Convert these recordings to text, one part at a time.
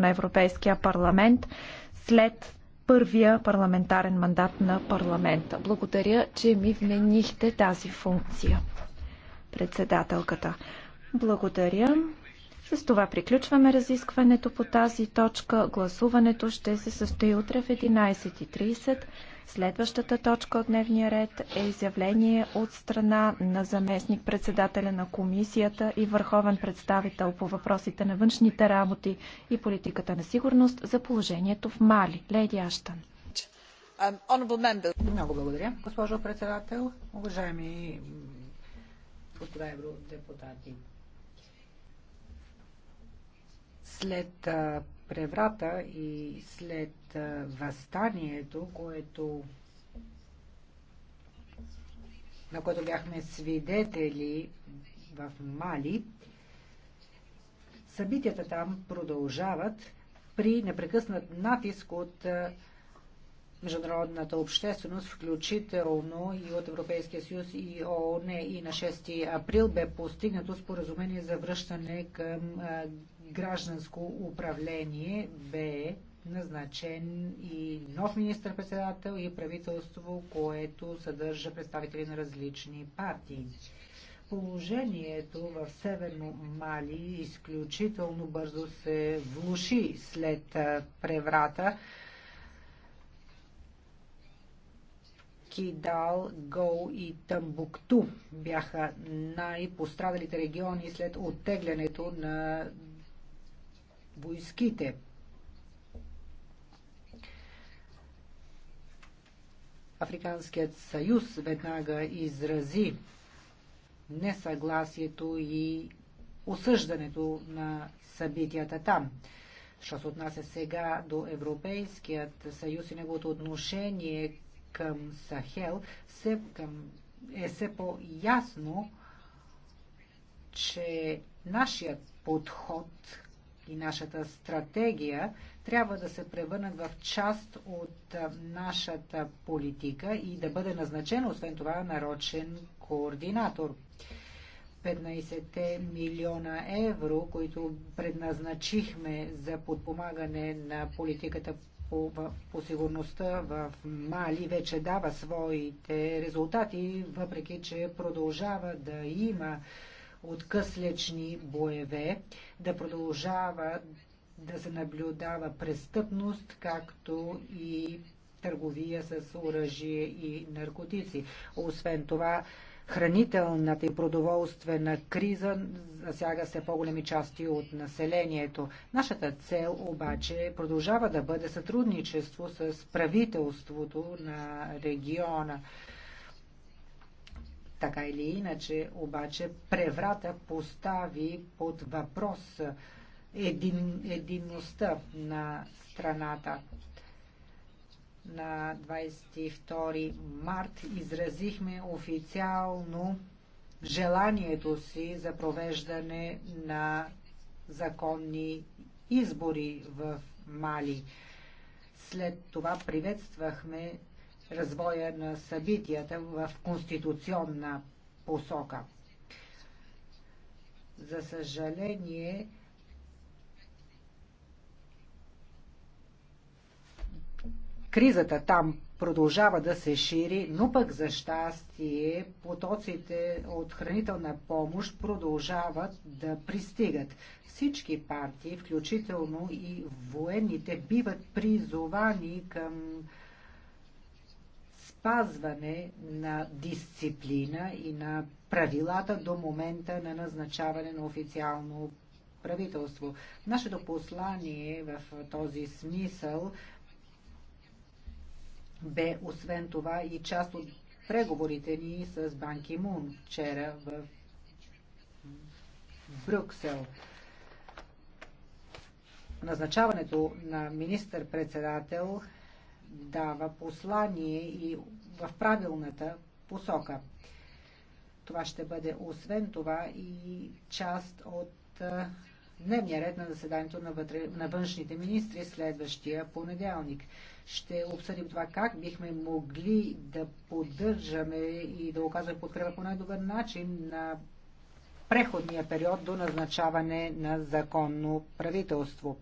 на Европейския парламент след първия парламентарен мандат на парламента. Благодаря, че ми вменихте тази функция, председателката. Благодаря. С това приключваме разискването по тази точка. Гласуването ще се състои утре в 11.30. Следващата точка от дневния ред е изявление от страна на заместник председателя на комисията и върховен представител по въпросите на външните работи и политиката на сигурност за положението в Мали. Леди Аштан. Um, Много благодаря, госпожо председател, уважаеми господа евродепутати. След преврата и след възстанието, което на което бяхме свидетели в Мали, събитията там продължават при непрекъснат натиск от международната общественост, включително и от Европейския съюз и ООН. И на 6 април бе постигнато споразумение за връщане към гражданско управление бе назначен и нов министр-председател и правителство, което съдържа представители на различни партии. Положението в Северно Мали изключително бързо се влуши след преврата. Кидал, Гол и Тамбукту бяха най-пострадалите региони след оттеглянето на войските. Африканският съюз веднага изрази несъгласието и осъждането на събитията там. Що се отнася сега до Европейският съюз и неговото отношение към Сахел, се, към, е все по-ясно, че нашият подход и нашата стратегия трябва да се превърнат в част от нашата политика и да бъде назначен, освен това, нарочен координатор. 15 милиона евро, които предназначихме за подпомагане на политиката по, по сигурността в Мали вече дава своите резултати, въпреки че продължава да има от къслечни боеве, да продължава да се наблюдава престъпност, както и търговия с оръжие и наркотици. Освен това, хранителната и продоволствена криза засяга се по-големи части от населението. Нашата цел обаче продължава да бъде сътрудничество с правителството на региона. Така или иначе, обаче, преврата постави под въпрос един, единността на страната. На 22 март изразихме официално желанието си за провеждане на законни избори в Мали. След това приветствахме развоя на събитията в конституционна посока. За съжаление, кризата там продължава да се шири, но пък за щастие потоците от хранителна помощ продължават да пристигат. Всички партии, включително и военните, биват призовани към спазване на дисциплина и на правилата до момента на назначаване на официално правителство. Нашето послание в този смисъл бе освен това и част от преговорите ни с Банки Мун вчера в Брюксел. Назначаването на министър-председател дава послание и в правилната посока. Това ще бъде освен това и част от дневния ред на заседанието на, вътре, на външните министри следващия понеделник. Ще обсъдим това как бихме могли да поддържаме и да оказваме подкрепа по най-добър начин на преходния период до назначаване на законно правителство.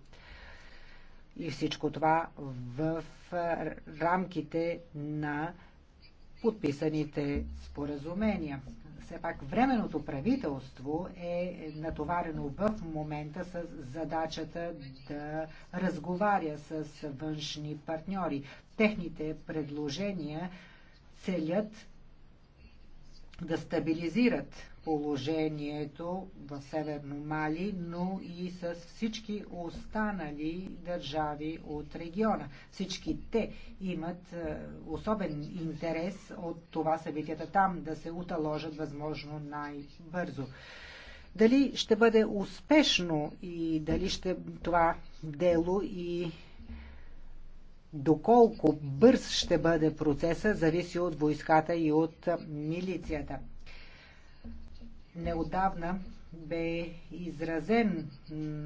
И всичко това в рамките на подписаните споразумения. Все пак временното правителство е натоварено в момента с задачата да разговаря с външни партньори. Техните предложения целят да стабилизират положението в Северно Мали, но и с всички останали държави от региона. Всички те имат е, особен интерес от това събитията там да се уталожат възможно най-бързо. Дали ще бъде успешно и дали ще това дело и Доколко бърз ще бъде процеса, зависи от войската и от милицията. Неодавна бе изразен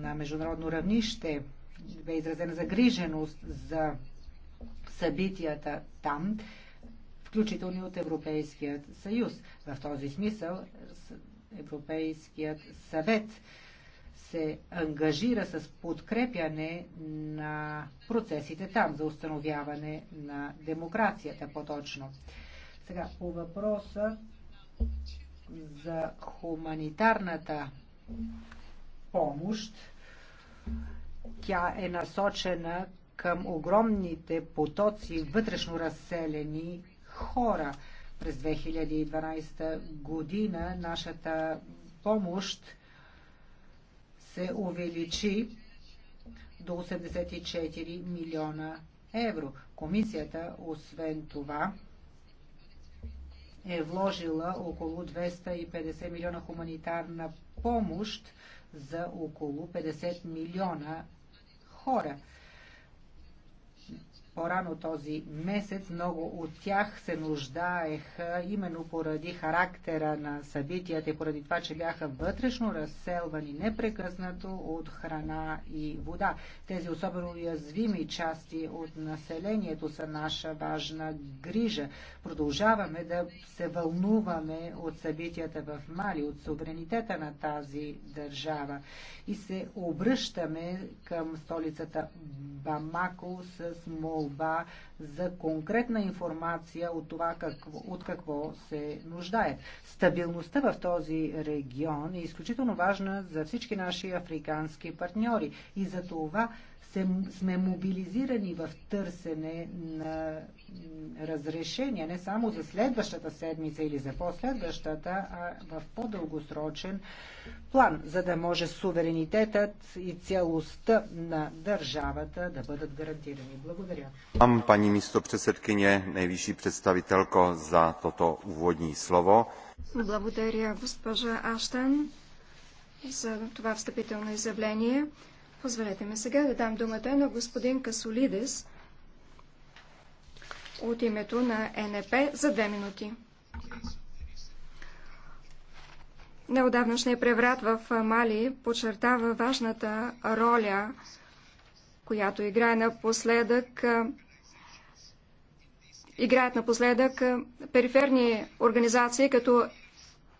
на международно равнище, бе изразена загриженост за събитията там, включително и от Европейският съюз. В този смисъл Европейският съвет се ангажира с подкрепяне на процесите там за установяване на демокрацията по-точно. Сега по въпроса за хуманитарната помощ. Тя е насочена към огромните потоци вътрешно разселени хора. През 2012 година нашата помощ се увеличи до 84 милиона евро. Комисията, освен това, е вложила около 250 милиона хуманитарна помощ за около 50 милиона хора по-рано този месец. Много от тях се нуждаеха именно поради характера на събитията и поради това, че бяха вътрешно разселвани непрекъснато от храна и вода. Тези особено уязвими части от населението са наша важна грижа. Продължаваме да се вълнуваме от събитията в Мали, от суверенитета на тази държава и се обръщаме към столицата Бамако с молба за конкретна информация от това какво, от какво се нуждаят. Стабилността в този регион е изключително важна за всички наши африкански партньори и за това се, сме мобилизирани в търсене на разрешение, не само за следващата седмица или за последващата, а в по-дългосрочен план, за да може суверенитетът и цялостта на държавата да бъдат гарантирани. Благодаря. Вам, пани мисто председкиня, най-висши представителко, за тото уводни слово. Благодаря, госпожа Аштан, за това встъпително изявление. Позволете ми сега да дам думата на господин Касолидес от името на НП за две минути. Неодавнашният преврат в Мали подчертава важната роля, която играе напоследък играят напоследък периферни организации като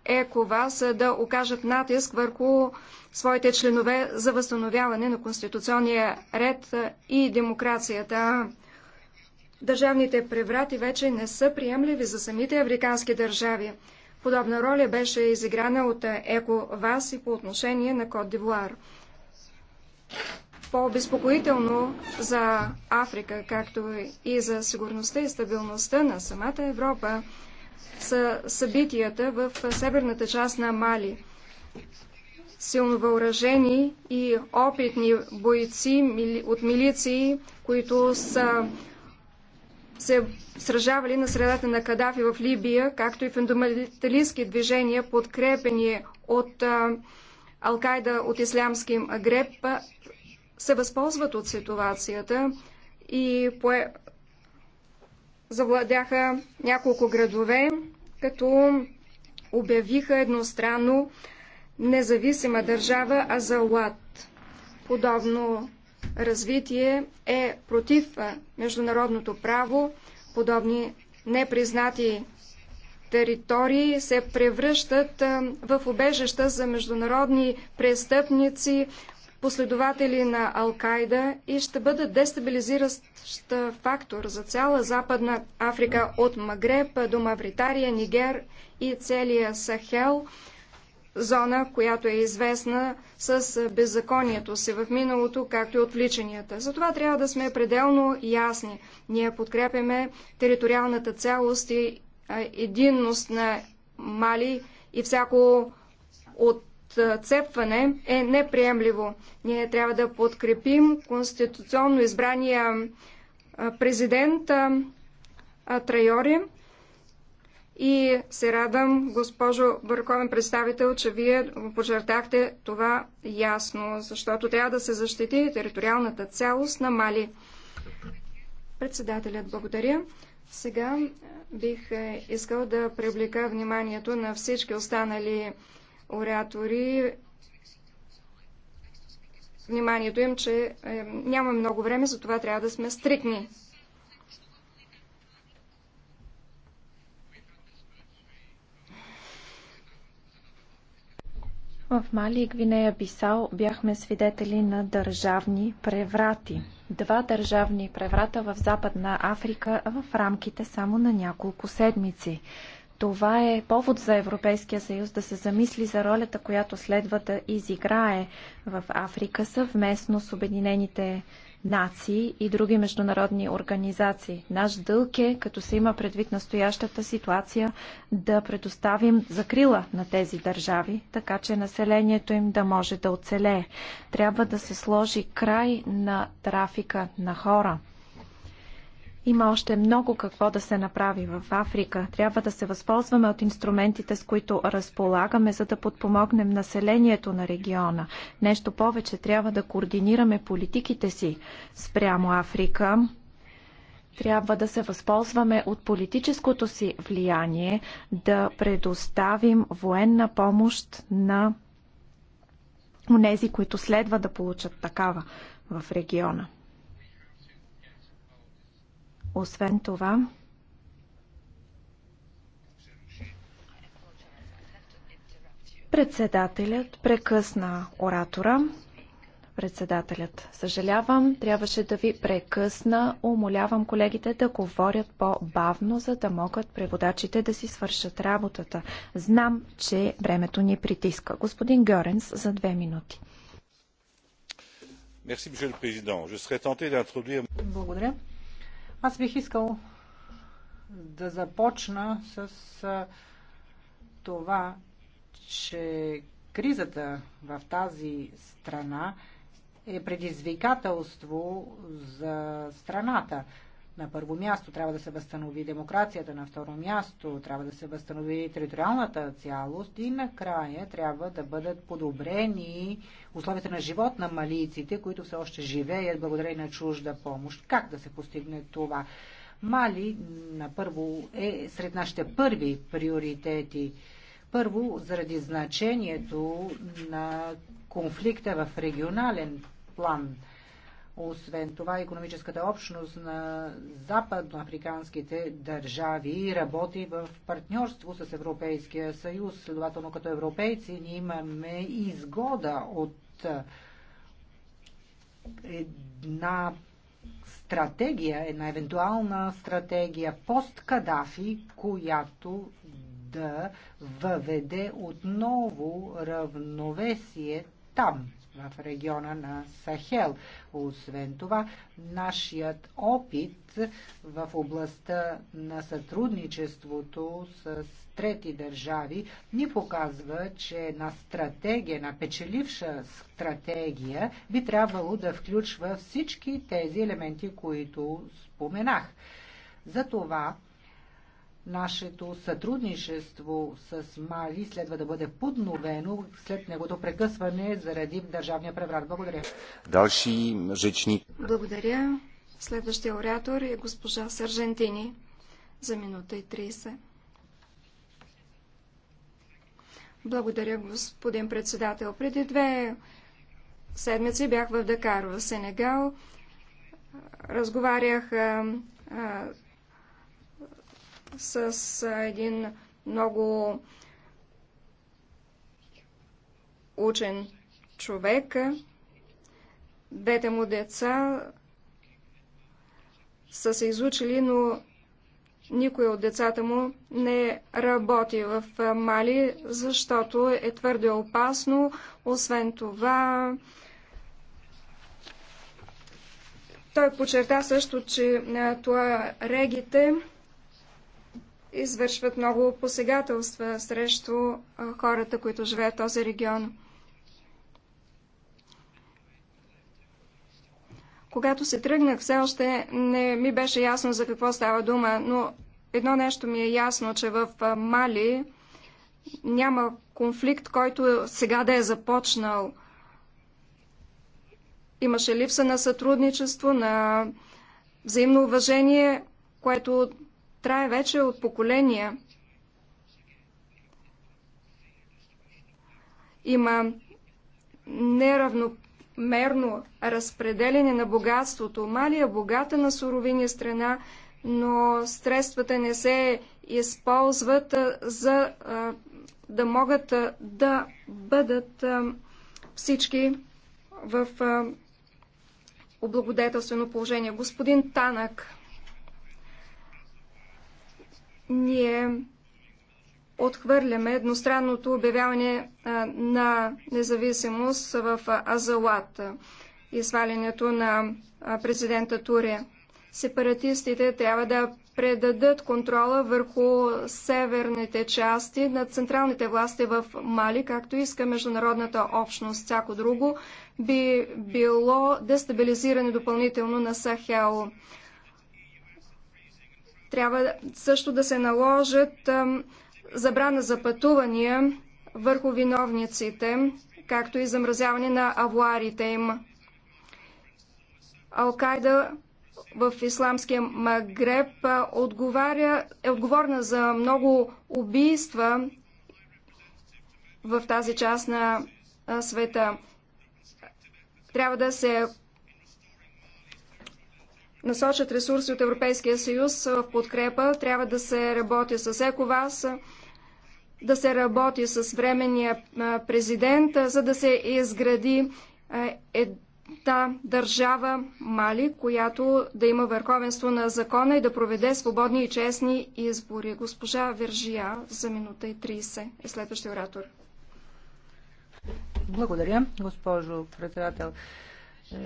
ЕКОВАС да окажат натиск върху своите членове за възстановяване на конституционния ред и демокрацията. Държавните преврати вече не са приемливи за самите африкански държави. Подобна роля беше изиграна от ЕКОВАС и по отношение на Кот Дивуар. По-обезпокоително за Африка, както и за сигурността и стабилността на самата Европа, са събитията в северната част на Мали. Силно въоръжени и опитни бойци от милиции, които са се сражавали на средата на Кадафи в Либия, както и фундаменталистски движения, подкрепени от Алкайда от Ислямски Магреб, се възползват от ситуацията и завладяха няколко градове, като обявиха едностранно независима държава Азалат. Подобно развитие е против международното право. Подобни непризнати територии се превръщат в убежища за международни престъпници, последователи на Ал-Кайда и ще бъдат дестабилизиращ фактор за цяла Западна Африка от Магреб до Мавритария, Нигер и целия Сахел, зона, която е известна с беззаконието си в миналото, както и отвличанията. Затова трябва да сме пределно ясни. Ние подкрепяме териториалната цялост и единност на Мали и всяко от отцепване е неприемливо. Ние трябва да подкрепим конституционно избрания президент Трайори и се радвам, госпожо върховен представител, че вие подчертахте това ясно, защото трябва да се защити териториалната цялост на Мали. Председателят, благодаря. Сега бих е, искал да привлека вниманието на всички останали оратори вниманието им, че е, няма много време, затова трябва да сме стрикни. В Мали и Гвинея Бисал бяхме свидетели на държавни преврати. Два държавни преврата в Западна Африка в рамките само на няколко седмици. Това е повод за Европейския съюз да се замисли за ролята, която следва да изиграе в Африка съвместно с Обединените нации и други международни организации. Наш дълг е, като се има предвид настоящата ситуация, да предоставим закрила на тези държави, така че населението им да може да оцелее. Трябва да се сложи край на трафика на хора. Има още много какво да се направи в Африка. Трябва да се възползваме от инструментите, с които разполагаме, за да подпомогнем населението на региона. Нещо повече трябва да координираме политиките си спрямо Африка. Трябва да се възползваме от политическото си влияние, да предоставим военна помощ на унези, които следва да получат такава в региона. Освен това, председателят прекъсна оратора. Председателят, съжалявам, трябваше да ви прекъсна. Умолявам колегите да говорят по-бавно, за да могат преводачите да си свършат работата. Знам, че времето ни притиска. Господин Гьоренс, за две минути. Благодаря. Аз бих искал да започна с това, че кризата в тази страна е предизвикателство за страната. На първо място трябва да се възстанови демокрацията, на второ място трябва да се възстанови териториалната цялост и накрая трябва да бъдат подобрени условията на живот на малийците, които все още живеят благодарение на чужда помощ. Как да се постигне това? Мали на първо е сред нашите първи приоритети. Първо, заради значението на конфликта в регионален план – освен това, економическата общност на западноафриканските държави работи в партньорство с Европейския съюз. Следователно, като европейци, ние имаме изгода от една стратегия, една евентуална стратегия пост-Кадафи, която да въведе отново равновесие там в региона на Сахел. Освен това, нашият опит в областта на сътрудничеството с трети държави ни показва, че на стратегия, на печеливша стратегия би трябвало да включва всички тези елементи, които споменах. Затова Нашето сътрудничество с Мали следва да бъде подновено след негото прекъсване заради държавния преврат. Благодаря. Далши речник. Благодаря. Следващия оратор е госпожа Сържентини за минута и 30. Благодаря, господин председател. Преди две седмици бях в Дакар, в Сенегал. Разговарях с един много учен човек. Двете му деца са се изучили, но никой от децата му не работи в Мали, защото е твърде опасно. Освен това, той подчерта също, че това регите извършват много посегателства срещу хората, които живеят в този регион. Когато се тръгнах, все още не ми беше ясно за какво става дума, но едно нещо ми е ясно, че в Мали няма конфликт, който сега да е започнал. Имаше липса на сътрудничество, на взаимно уважение, което трае вече от поколения. Има неравномерно разпределение на богатството. Малия, богата е на суровини страна, но средствата не се използват за да могат да бъдат всички в облагодетелствено положение. Господин Танък. Ние отхвърляме едностранното обявяване на независимост в Азалат и свалянето на президента Турия. Сепаратистите трябва да предадат контрола върху северните части на централните власти в Мали, както иска международната общност. Всяко друго би било дестабилизиране допълнително на Сахел. Трябва също да се наложат забрана за пътувания върху виновниците, както и замразяване на авуарите им. Алкайда в исламския Магреб отговаря, е отговорна за много убийства в тази част на света. Трябва да се насочат ресурси от Европейския съюз в подкрепа. Трябва да се работи с ЕКОВАС, да се работи с временния президент, за да се изгради една държава Мали, която да има върховенство на закона и да проведе свободни и честни избори. Госпожа Вержия за минута и 30 е следващия оратор. Благодаря, госпожо председател. Е,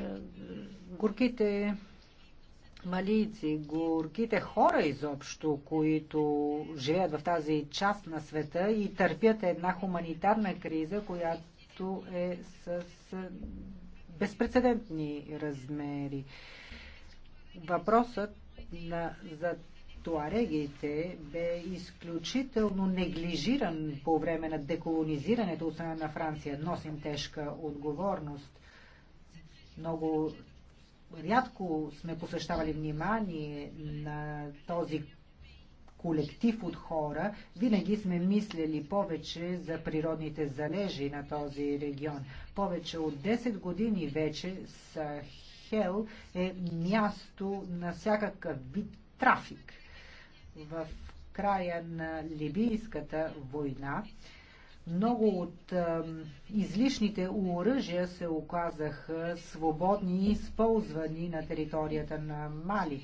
горките малийци, горките хора изобщо, които живеят в тази част на света и търпят една хуманитарна криза, която е с безпредседентни размери. Въпросът на, за туарегите бе изключително неглижиран по време на деколонизирането от страна на Франция. Носим тежка отговорност. Много рядко сме посвещавали внимание на този колектив от хора, винаги сме мислили повече за природните залежи на този регион. Повече от 10 години вече Сахел е място на всякакъв вид трафик. В края на Либийската война много от а, излишните оръжия се оказаха свободни и използвани на територията на Мали.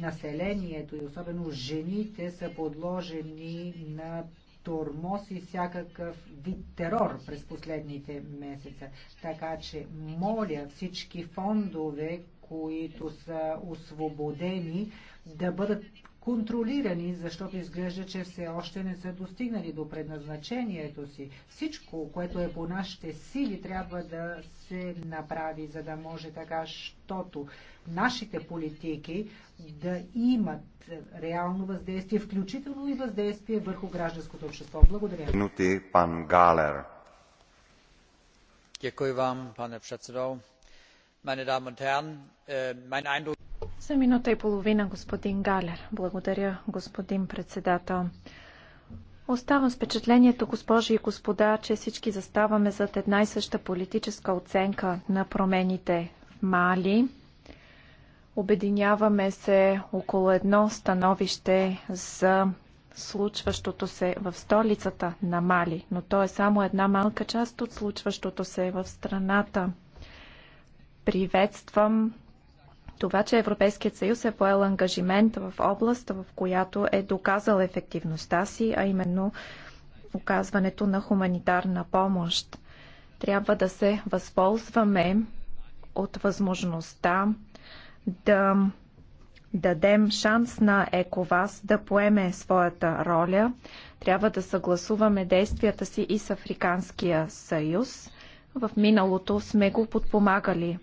Населението и особено жените са подложени на тормоз и всякакъв вид терор през последните месеца. Така че моля всички фондове, които са освободени, да бъдат контролирани, защото изглежда, че все още не са достигнали до предназначението си. Всичко, което е по нашите сили, трябва да се направи, за да може така, щото нашите политики да имат реално въздействие, включително и въздействие върху гражданското общество. Благодаря. Минути, пан Галер. Дякую вам, пане председател. Meine Damen und Herren, äh, mein Eindruck за минута и половина, господин Галер. Благодаря, господин председател. Оставам с впечатлението, госпожи и господа, че всички заставаме зад една и съща политическа оценка на промените в Мали. Обединяваме се около едно становище за случващото се в столицата на Мали, но то е само една малка част от случващото се в страната. Приветствам това, че Европейският съюз е поел ангажимент в област, в която е доказал ефективността си, а именно оказването на хуманитарна помощ. Трябва да се възползваме от възможността да дадем шанс на ЕКОВАС да поеме своята роля. Трябва да съгласуваме действията си и с Африканския съюз. В миналото сме го подпомагали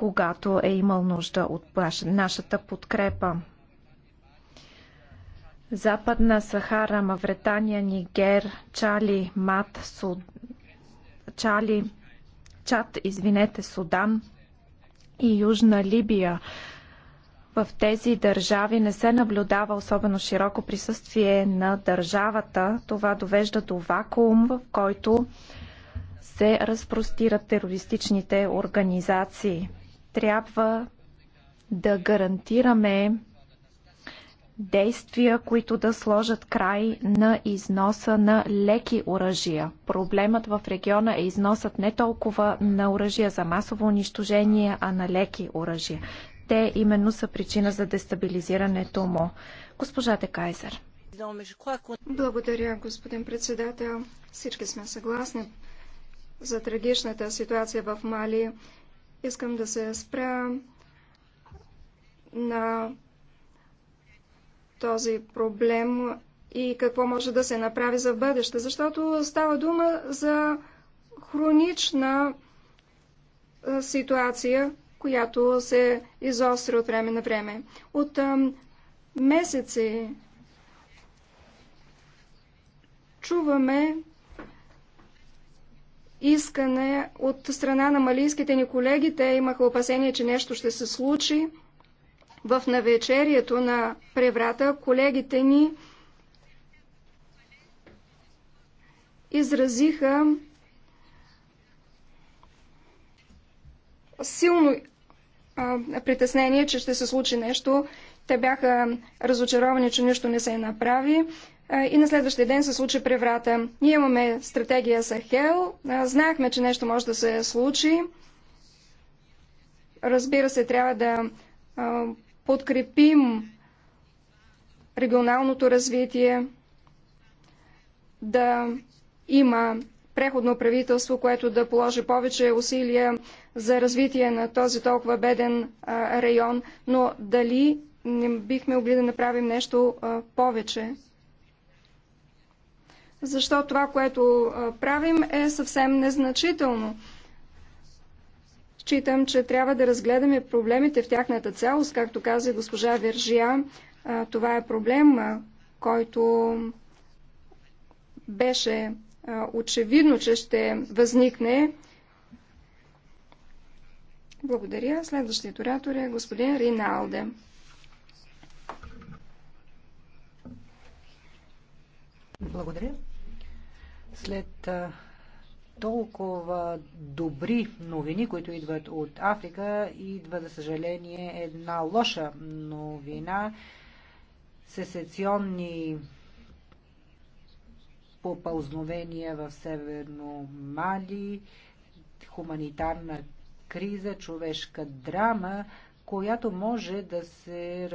когато е имал нужда от нашата подкрепа. Западна Сахара, Мавретания, Нигер, Чали, Мат, Суд... Чали, Чад, извинете, Судан и Южна Либия. В тези държави не се наблюдава особено широко присъствие на държавата. Това довежда до вакуум, в който се разпростират терористичните организации трябва да гарантираме действия, които да сложат край на износа на леки оръжия. Проблемът в региона е износът не толкова на оръжия за масово унищожение, а на леки оръжия. Те именно са причина за дестабилизирането му. Госпожа Декайзер. Благодаря, господин председател. Всички сме съгласни за трагичната ситуация в Мали. Искам да се спря на този проблем и какво може да се направи за бъдеще, защото става дума за хронична ситуация, която се изостря от време на време. От месеци чуваме искане от страна на малийските ни колеги. Те имаха опасение, че нещо ще се случи. В навечерието на преврата колегите ни изразиха силно а, притеснение, че ще се случи нещо. Те бяха разочаровани, че нищо не се направи и на следващия ден се случи преврата. Ние имаме стратегия Хел. знаехме, че нещо може да се случи. Разбира се, трябва да подкрепим регионалното развитие, да има преходно правителство, което да положи повече усилия за развитие на този толкова беден район, но дали не бихме могли да направим нещо повече? защо това, което правим, е съвсем незначително. Считам, че трябва да разгледаме проблемите в тяхната цялост, както каза госпожа Вержия. Това е проблем, който беше очевидно, че ще възникне. Благодаря. Следващият оратор е господин Риналде. Благодаря. След толкова добри новини, които идват от Африка, идва, за съжаление, една лоша новина. Сесеционни попълзновения в Северно Мали, хуманитарна криза, човешка драма, която може да се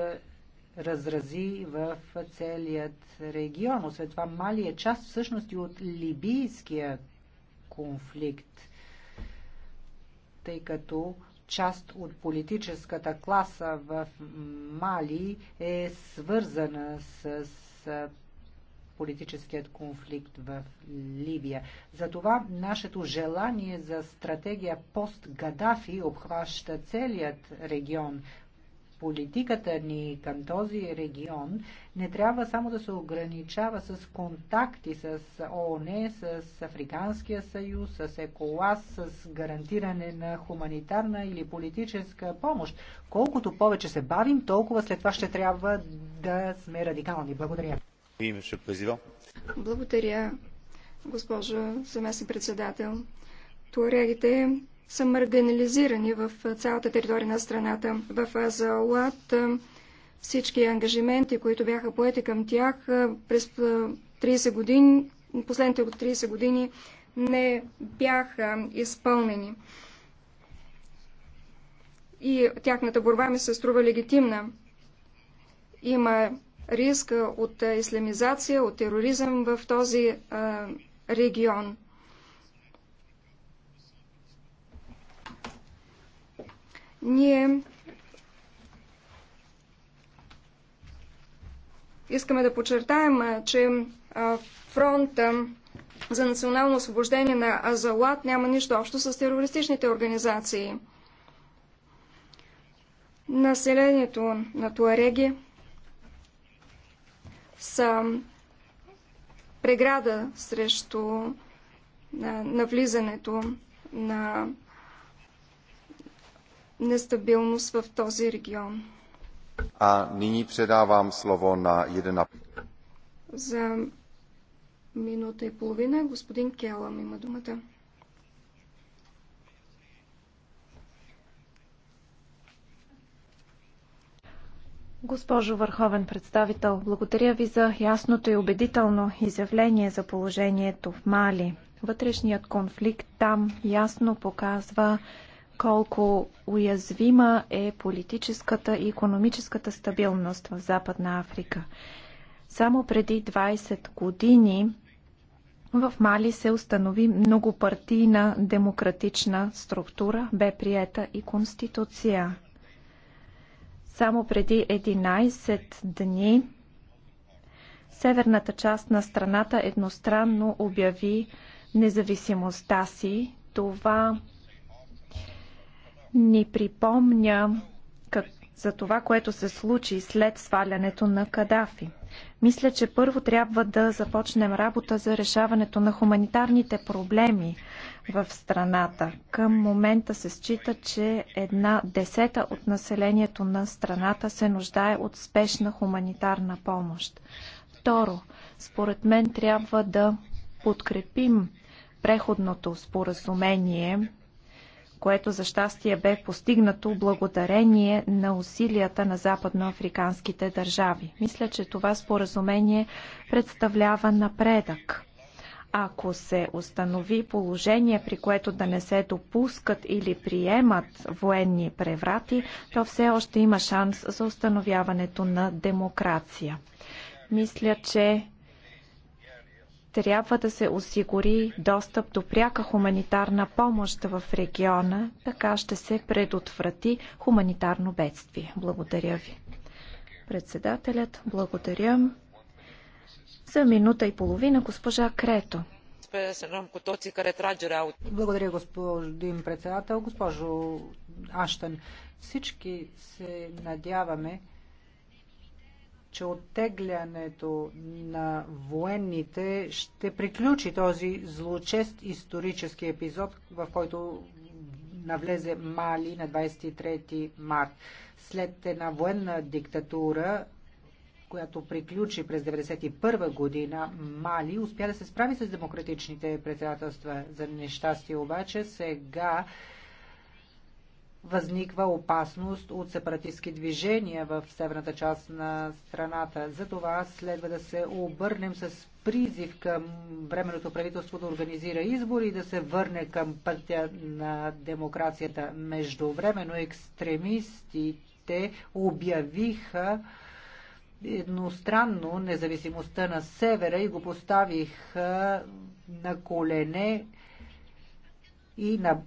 разрази в целият регион. Освен това, Мали е част всъщност и от либийския конфликт, тъй като част от политическата класа в Мали е свързана с политическият конфликт в Ливия. Затова нашето желание за стратегия пост-Гадафи обхваща целият регион политиката ни към този регион не трябва само да се ограничава с контакти с ООН, с Африканския съюз, с ЕКОЛАС, с гарантиране на хуманитарна или политическа помощ. Колкото повече се бавим, толкова след това ще трябва да сме радикални. Благодаря. Благодаря, госпожо заместник председател. Туарегите са марганализирани в цялата територия на страната. В Азалат всички ангажименти, които бяха поети към тях през 30 години, последните от 30 години не бяха изпълнени. И тяхната борба ми се струва легитимна. Има риск от исламизация, от тероризъм в този а, регион. Ние искаме да подчертаем, че фронта за национално освобождение на Азалат няма нищо общо с терористичните организации. Населението на Туареги са преграда срещу навлизането на, на нестабилност в този регион. А nyní předávám slovo na 1,5. За минута и половина господин Келам има думата. Госпожо Върховен представител, благодаря ви за ясното и убедително изявление за положението в Мали. Вътрешният конфликт там ясно показва, колко уязвима е политическата и економическата стабилност в Западна Африка. Само преди 20 години в Мали се установи многопартийна демократична структура, бе приета и конституция. Само преди 11 дни северната част на страната едностранно обяви независимостта си. Това ни припомня как, за това, което се случи след свалянето на Кадафи. Мисля, че първо трябва да започнем работа за решаването на хуманитарните проблеми в страната. Към момента се счита, че една десета от населението на страната се нуждае от спешна хуманитарна помощ. Второ, според мен трябва да подкрепим преходното споразумение което за щастие бе постигнато благодарение на усилията на западноафриканските държави. Мисля, че това споразумение представлява напредък. Ако се установи положение, при което да не се допускат или приемат военни преврати, то все още има шанс за установяването на демокрация. Мисля, че трябва да се осигури достъп до пряка хуманитарна помощ в региона, така ще се предотврати хуманитарно бедствие. Благодаря ви. Председателят, благодаря. За минута и половина госпожа Крето. Благодаря, господин председател. Госпожо Аштън, всички се надяваме, че оттеглянето на военните ще приключи този злочест исторически епизод, в който навлезе Мали на 23 март. След една военна диктатура, която приключи през 1991 година, Мали успя да се справи с демократичните председателства. За нещастие обаче сега възниква опасност от сепаратистски движения в северната част на страната. Затова следва да се обърнем с призив към временното правителство да организира избори и да се върне към пътя на демокрацията. Междувременно екстремистите обявиха едностранно независимостта на севера и го поставиха на колене и на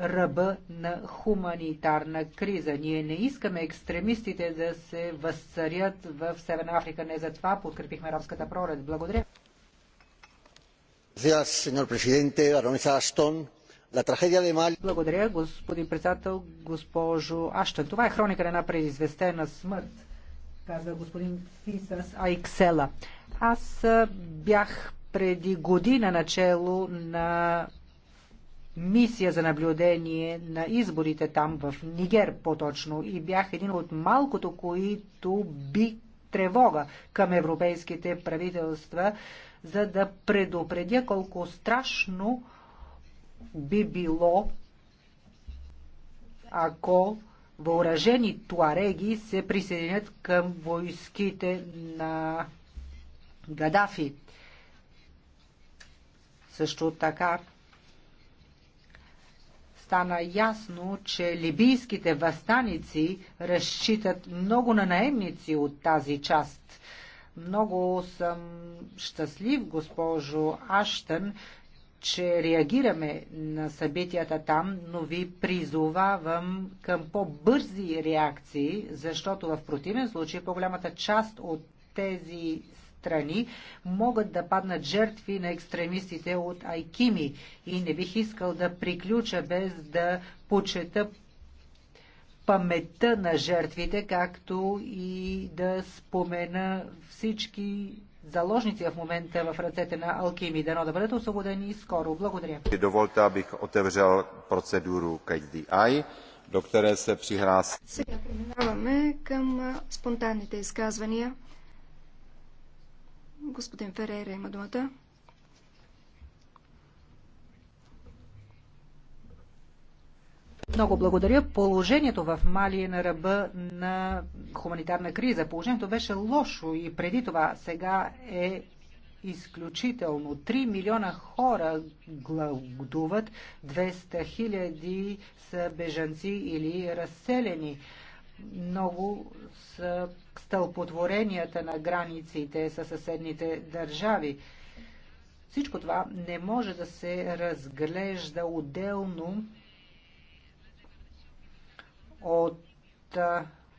ръба на хуманитарна криза. Ние не искаме екстремистите да се възцарят в Северна Африка. Не за това подкрепихме арабската пролет. Благодаря. Благодаря, господин председател, госпожо Аштън. Това е хроника на една предизвестена смърт, каза господин Фисас Айксела. Аз бях преди година начало на мисия за наблюдение на изборите там в Нигер по-точно и бях един от малкото, които би тревога към европейските правителства, за да предупредя колко страшно би било, ако въоръжени туареги се присъединят към войските на Гадафи. Също така стана ясно, че либийските възстаници разчитат много на наемници от тази част. Много съм щастлив, госпожо Аштън, че реагираме на събитията там, но ви призовавам към по-бързи реакции, защото в противен случай по-голямата част от тези страни могат да паднат жертви на екстремистите от Айкими. И не бих искал да приключа без да почета паметта на жертвите, както и да спомена всички заложници в момента в ръцете на Алкими. Дано да бъдат освободени скоро. Благодаря. Доволте, бих отевřel процедуру KDI, до се прихраси. Сега преминаваме към спонтанните изказвания. Господин Ферейра има думата. Много благодаря. Положението в Мали е на ръба на хуманитарна криза. Положението беше лошо и преди това. Сега е изключително. 3 милиона хора гладуват, 200 хиляди са бежанци или разселени много са стълпотворенията на границите със съседните държави. Всичко това не може да се разглежда отделно от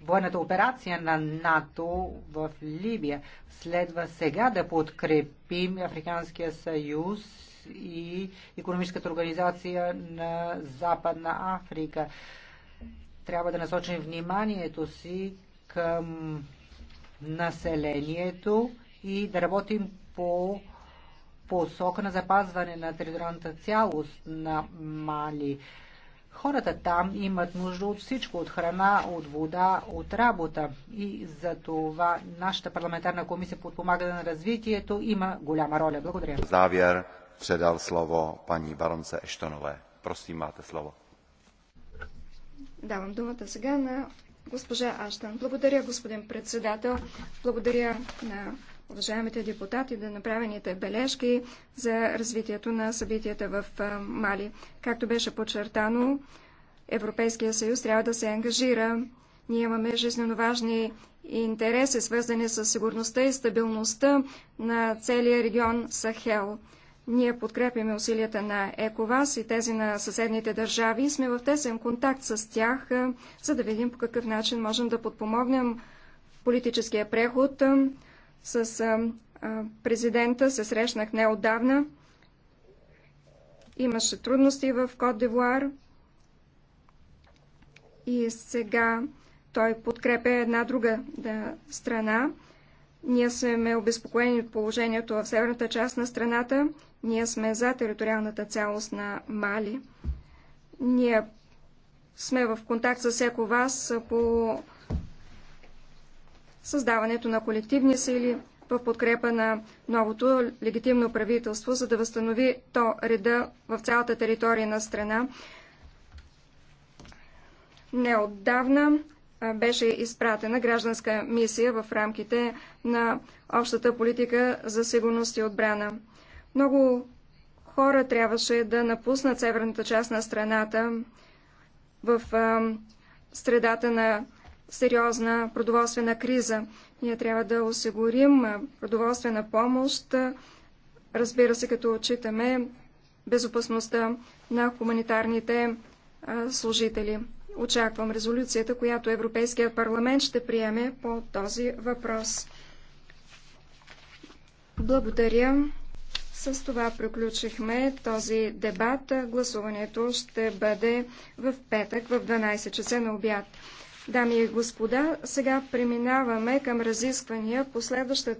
военната операция на НАТО в Либия. Следва сега да подкрепим Африканския съюз и економическата организация на Западна Африка трябва да насочим вниманието си към населението и да работим по посока на запазване на териториалната цялост на Мали. Хората там имат нужда от всичко, от храна, от вода, от работа. И за това нашата парламентарна комисия подпомага на развитието има голяма роля. Благодаря. Завяр предал слово пани баронце Ештонове. Просим, мате слово. Давам думата сега на госпожа Аштан. Благодаря, господин председател. Благодаря на уважаемите депутати да направените бележки за развитието на събитията в Мали. Както беше подчертано, Европейския съюз трябва да се ангажира. Ние имаме жизненно важни интереси, свързани с сигурността и стабилността на целия регион Сахел. Ние подкрепяме усилията на ЕКОВАС и тези на съседните държави и сме в тесен контакт с тях, за да видим по какъв начин можем да подпомогнем политическия преход. С президента се срещнах неодавна. Имаше трудности в Кот Девуар и сега той подкрепя една друга страна. Ние сме обезпокоени от положението в северната част на страната. Ние сме за териториалната цялост на Мали. Ние сме в контакт с всяко вас по създаването на колективни сили в подкрепа на новото легитимно правителство, за да възстанови то реда в цялата територия на страна. Неотдавна беше изпратена гражданска мисия в рамките на общата политика за сигурност и отбрана. Много хора трябваше да напуснат северната част на страната в средата на сериозна продоволствена криза. Ние трябва да осигурим продоволствена помощ, разбира се, като отчитаме безопасността на хуманитарните служители. Очаквам резолюцията, която Европейският парламент ще приеме по този въпрос. Благодаря. С това приключихме този дебат. Гласуването ще бъде в петък в 12 часа на обяд. Дами и господа, сега преминаваме към разисквания по следващата